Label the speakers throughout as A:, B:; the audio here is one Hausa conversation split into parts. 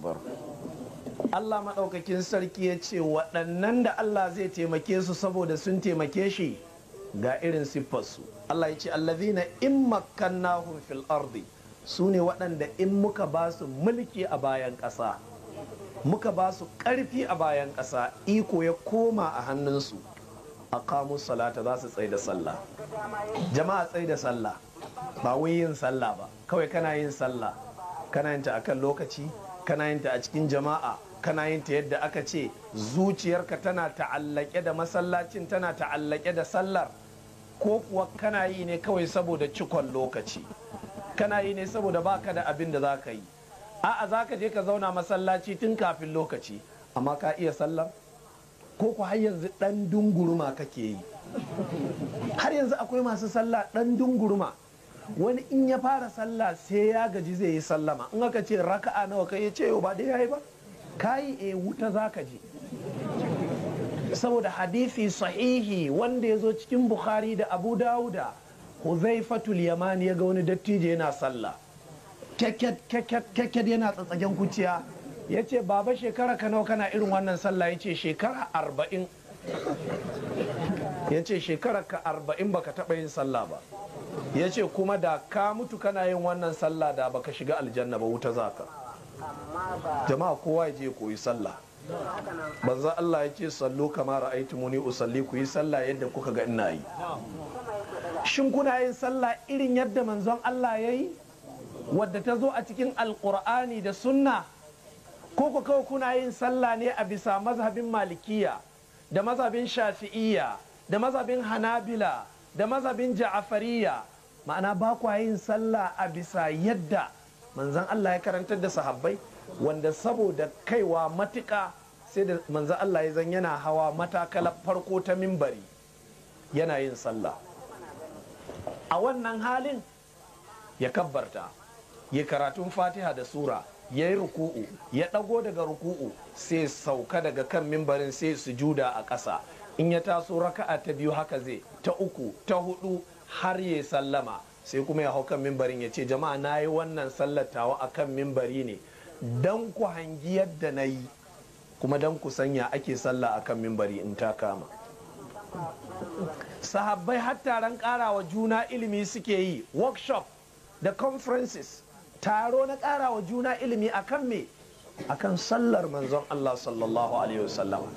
A: akbar Allah maɗaukakin sarki ya ce waɗannan da Allah zai taimake su saboda sun taimake shi ga irin siffarsu Allah ya ce allazina in makkannahum fil ardi su ne waɗanda in muka ba su mulki a bayan ƙasa muka ba su ƙarfi a bayan ƙasa iko ya koma a hannunsu a kamo salata za su tsai da sallah jama'a tsai da sallah ba wai yin sallah ba kawai kana yin sallah kana yin ta akan lokaci kana yin ta a cikin jama'a kana yin ta yadda aka ce zuciyarka tana ta'allake da masallacin tana ta'allake da sallar ko kuwa kana yi ne kawai saboda cikon lokaci kana yi ne saboda baka da abin da za ka yi a'a za ka je ka zauna masallaci tun kafin lokaci amma ka iya sallar ko ku har yanzu dan dunguruma kake yi har yanzu akwai masu sallah dan dunguruma wani in ya fara sallah sai ya gaji zai yi sallama in aka ce raka'a nawa kai ya ce yau ba dai yayi ba kai e eh, wuta zaka je saboda hadisi sahihi wanda ya zo cikin bukhari da abu dawuda huzaifatul yamani ya ga wani dattijo yana sallah Keket yana tsatsagen kuciya ya ce baba shekara ka nawa kana irin wannan sallah ya ce shekara arba'in ya ka arba'in baka taɓa yin sallah ba ya ce kuma da ka mutu kana yin wannan sallah da baka shiga aljanna ba wuta zaka jama'a kowa ya je koyi sallah banza Allah ya ce sallo kama muni usalli ku yi sallah yadda kuka ga ina yi shin kuna yin sallah irin yadda manzon Allah ya yi wadda ta zo a cikin alkur'ani da sunna ko ku kawai kuna yin sallah ne a bisa mazhabin malikiya da mazhabin shafi'iyya da mazhabin hanabila da mazabin ja'afariya ma'ana ba kwa yin sallah a bisa yadda manzan Allah ya karantar da sahabbai wanda saboda kaiwa matuƙa sai da manzan Allah ya zan yana hawa matakala farko ta mimbari yana yin sallah a wannan halin ya kabbarta ya karatun fatiha da sura ya yi ruku'u ya ɗago daga ruku'u sai sauka daga kan mimbarin sai sujuda a ƙasa in ya taso raka'a ta biyu haka zai ta uku ta hudu har ya sallama sai kuma ya hau kan mimbarin ya ce jama'a na yi wannan sallatawa a kan mimbari ne don ku hangi yadda na yi kuma don ku sanya ake sallah a kan mimbari in ta kama sahabbai har taron karawa juna ilimi suke yi workshop da conferences taro na karawa juna ilimi akan me akan sallar manzon Allah sallallahu alaihi wasallama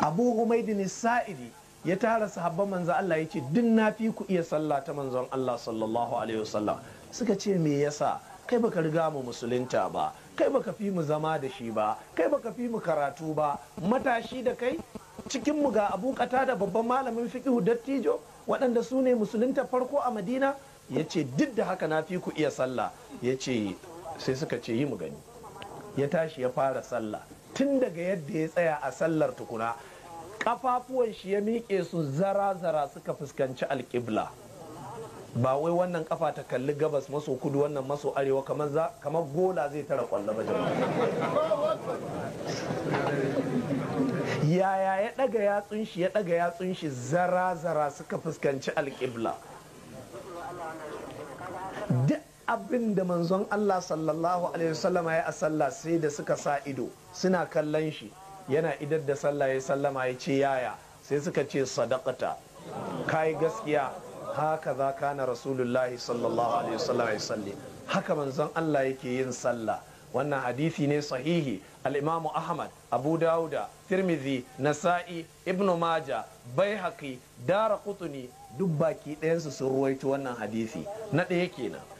A: abu humaidin sa'idi ya tara sahabban manzan Allah ya ce duk na fi ku iya sallah ta manzon Allah sallallahu alaihi wasallam suka ce me yasa kai baka riga mu musulunta ba kai baka fi mu zama da shi ba kai baka fi mu karatu ba matashi da kai cikin mu ga abu kata da babban malamin fiqhu dattijo waɗanda su ne musulunta farko a madina ya ce duk da haka na fi ku iya sallah ya ce sai suka ce yi mu gani ya tashi ya fara sallah tun daga yadda ya tsaya a sallar tukuna kafafuwan shi ya miƙe su zara-zara suka fuskanci alƙibla ba wai wannan kafa ta kalli gabas maso kudu wannan maso arewa kamar gola zai tara kwallo ba yaya ya ɗaga yatsun shi ya ɗaga yatsun shi zara-zara suka fuskanci alƙibla abin da manzon Allah sallallahu alaihi wasallama ya a sallah sai da suka sa ido suna kallon shi yana idar da sallah ya sallama ya ce yaya sai suka ce sadaqata kai gaskiya haka za na rasulullahi sallallahu alaihi wasallama ya salli haka manzon Allah yake yin sallah wannan hadithi ne sahihi al-imamu ahmad abu dauda tirmidhi nasa'i ibnu maja baihaqi dara kutuni duk baki ɗayansu sun ruwaito wannan hadithi. na ɗaya kenan